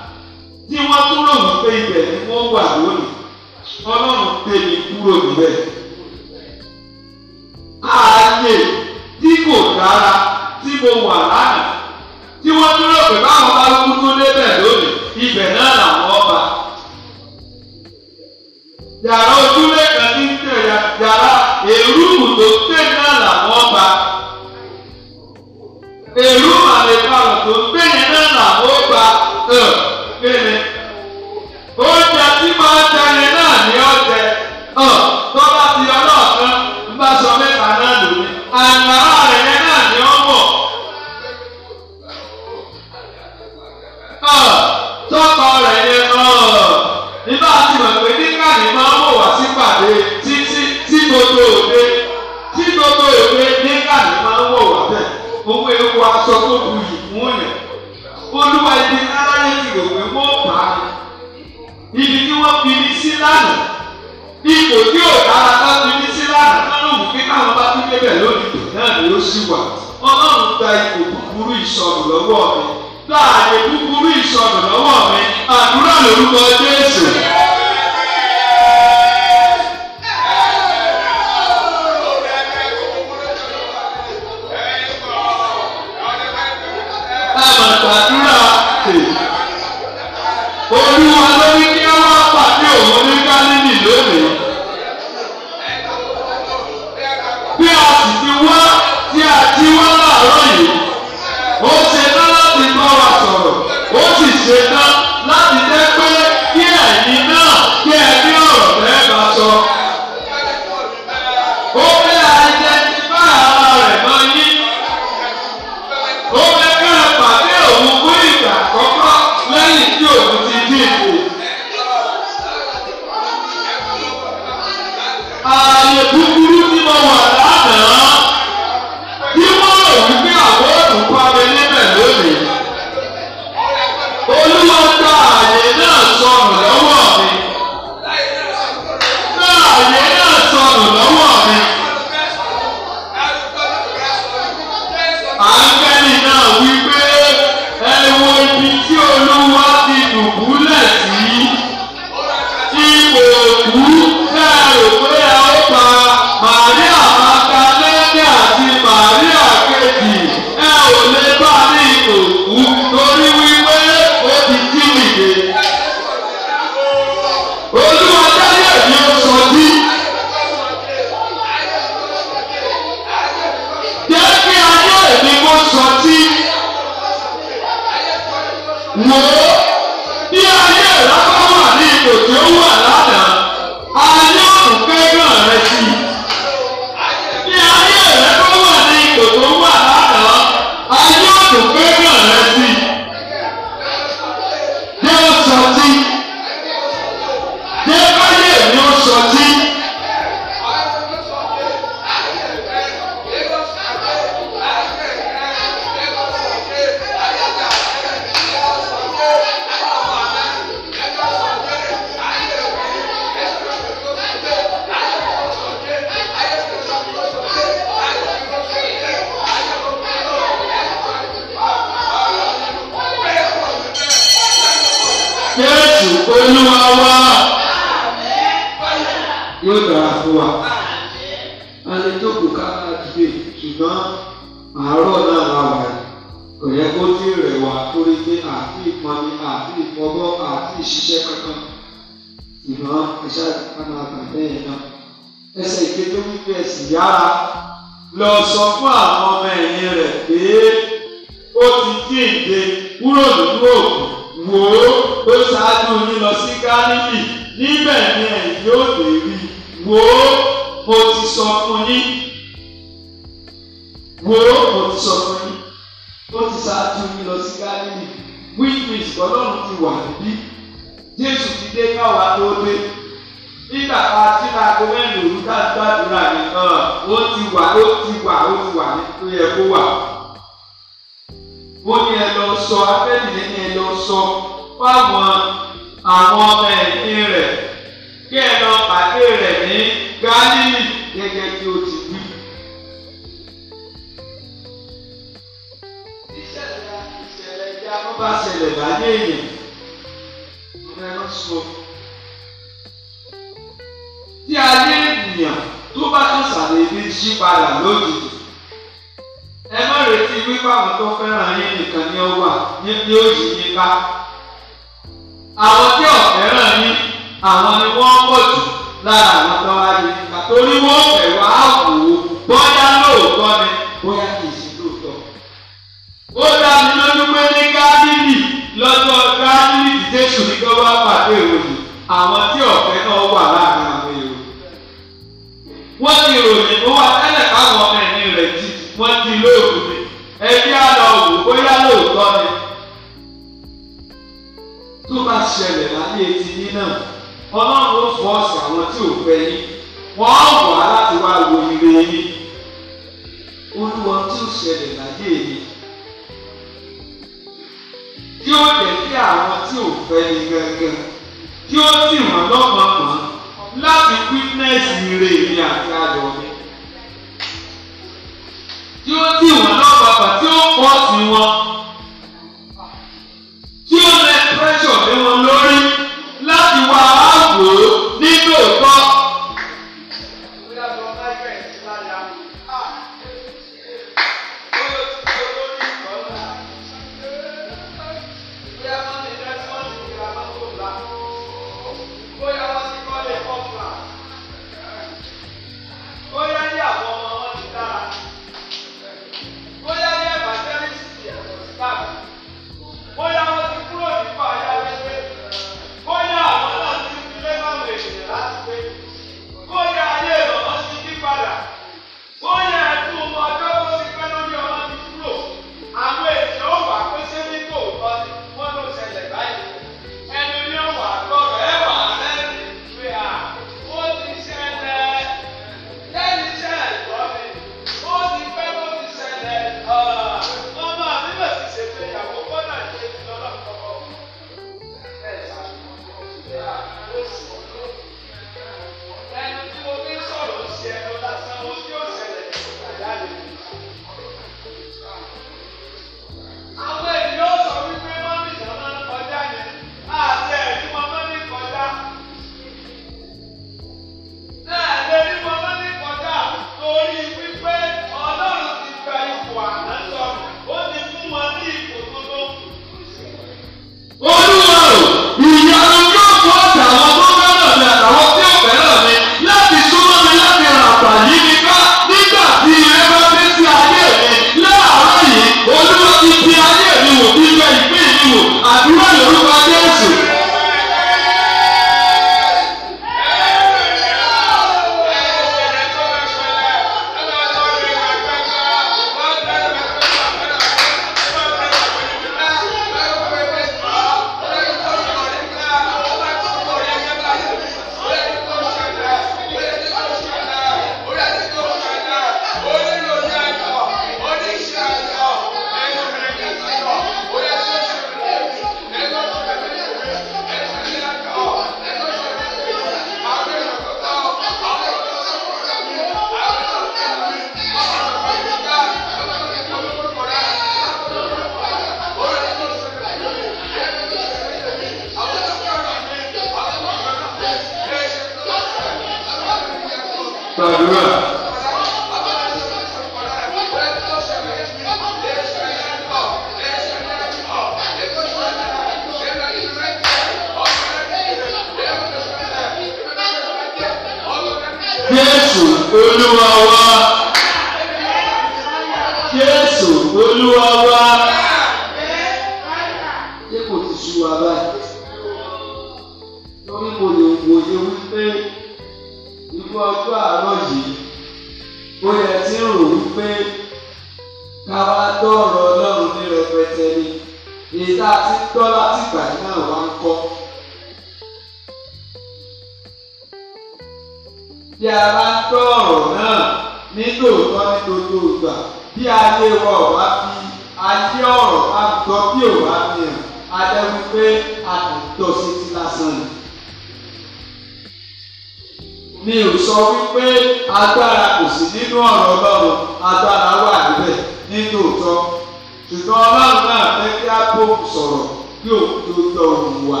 ọlọ́run náà fẹ́ kí á bò sọ̀rọ̀ kí òun tó tọ́ òun wà.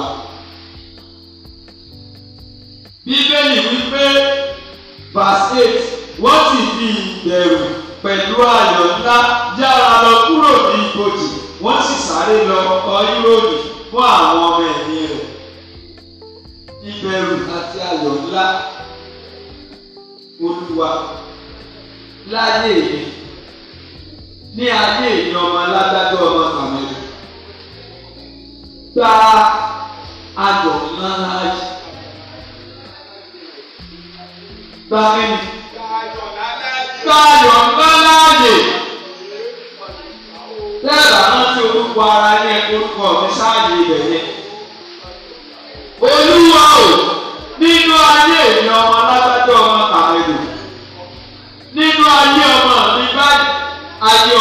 bíbélì wípé verse eight wọ́n sì fi ìbẹ̀rù pẹ̀lú ayọ̀ ńlá yára lọ kúrò ní ibojì wọ́n sì sáré lọ ọ íróòlì fún àwọn ọmọ ẹ̀mí rẹ̀ ìbẹ̀rù àti ayọ̀ ńlá olúwa láyé mi ní adé èyí ọmọ alágbájọ ọmọ sàmẹ́lì gba àgọ̀ náà gba mẹ́rin gba ayọ̀ ńláláyè lẹ́ẹ̀dá rántí orúkọ ara ní orúkọ mi sáàyè ibẹ̀ yẹn olúwa o nínú ayé èyí ọmọ alágbájọ ọmọ sàmẹ́lì nínú ayé ọmọ mi báyìí ayé ọmọ.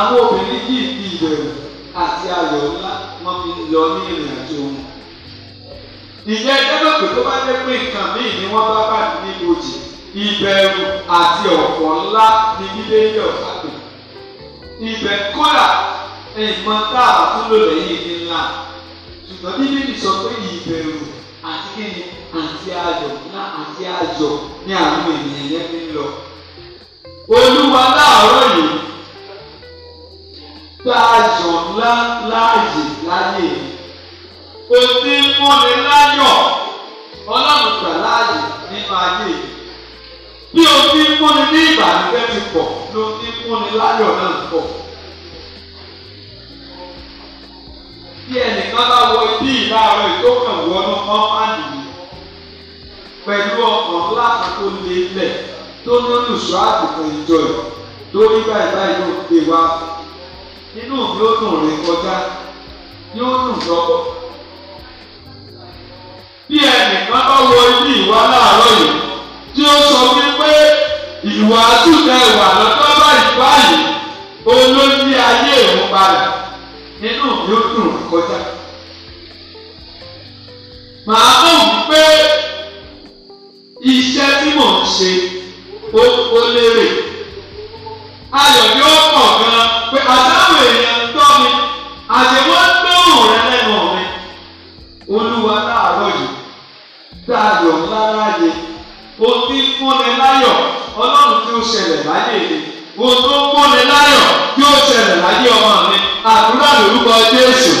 àwọn obìnrin kì í di ìbẹ̀rù àti ayọ̀ ńlá wọ́n fi lọ ní ìrìn àjò wọn. ìyẹn ẹgbẹ́ pé tó bá dé pé nǹkan míì ni wọ́n bá bá ní ojì ìbẹ̀rù àti ọ̀fọ̀ ńlá ni nílé ilé ọ̀sán pè. ibẹ̀ kọ́là ìmọ̀ tá a tún lò lẹ́yìn ní ńlá ṣùgbọ́n bíbélì sọ pé ìbẹ̀rù àti kíni àti ayọ̀ ńlá àti ayọ̀ ni àwọn ènìyàn yẹn ń lọ. olúwa láàárọ̀ yìí gbàjọ láàyè láyè kò sí fúnni láyọ̀ ọlọ́run gbà láàyè nínú ayé bí o ti fúnni ní ìbànújẹ́ ti pọ̀ ló ti fúnni láyọ̀ náà pọ̀. bí ẹnìkan bá wọ ibi ìlàrọ̀ ìtókàn wọnú ọ́mánì pẹ̀lú ọkàn láti tó lé lẹ̀ tó nínú ìṣọ́ àtìkù ìjọ yìí lórí báyìí báyìí ló gbé wá inú mi ó dùn rìn kọjá yóò dùn jọkọ. bí ẹnìkan bá wọ ilé ìwà láàárọ̀ yìí tí ó sọ wípé ìwà àtúntà ìwà lọ́tọ́ báyìí báyìí olóyè ayé ìwọ̀n padà inú mi ó dùn rìn kọjá. màá mọ̀ wípé iṣẹ́ tí mò ń ṣe ó lérè ayọ̀ yóò pọ̀ gan-an pé a ohun tí ń fúnni láyọ̀ ọlọ́run tí ó ṣẹlẹ̀ láyé mi ohun tó ń fúnni láyọ̀ tí ó ṣẹlẹ̀ láyé ọmọ mi àdúrà lórúkọ Jésù.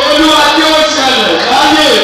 Olúwa tí ó ṣẹlẹ̀ láyé mi.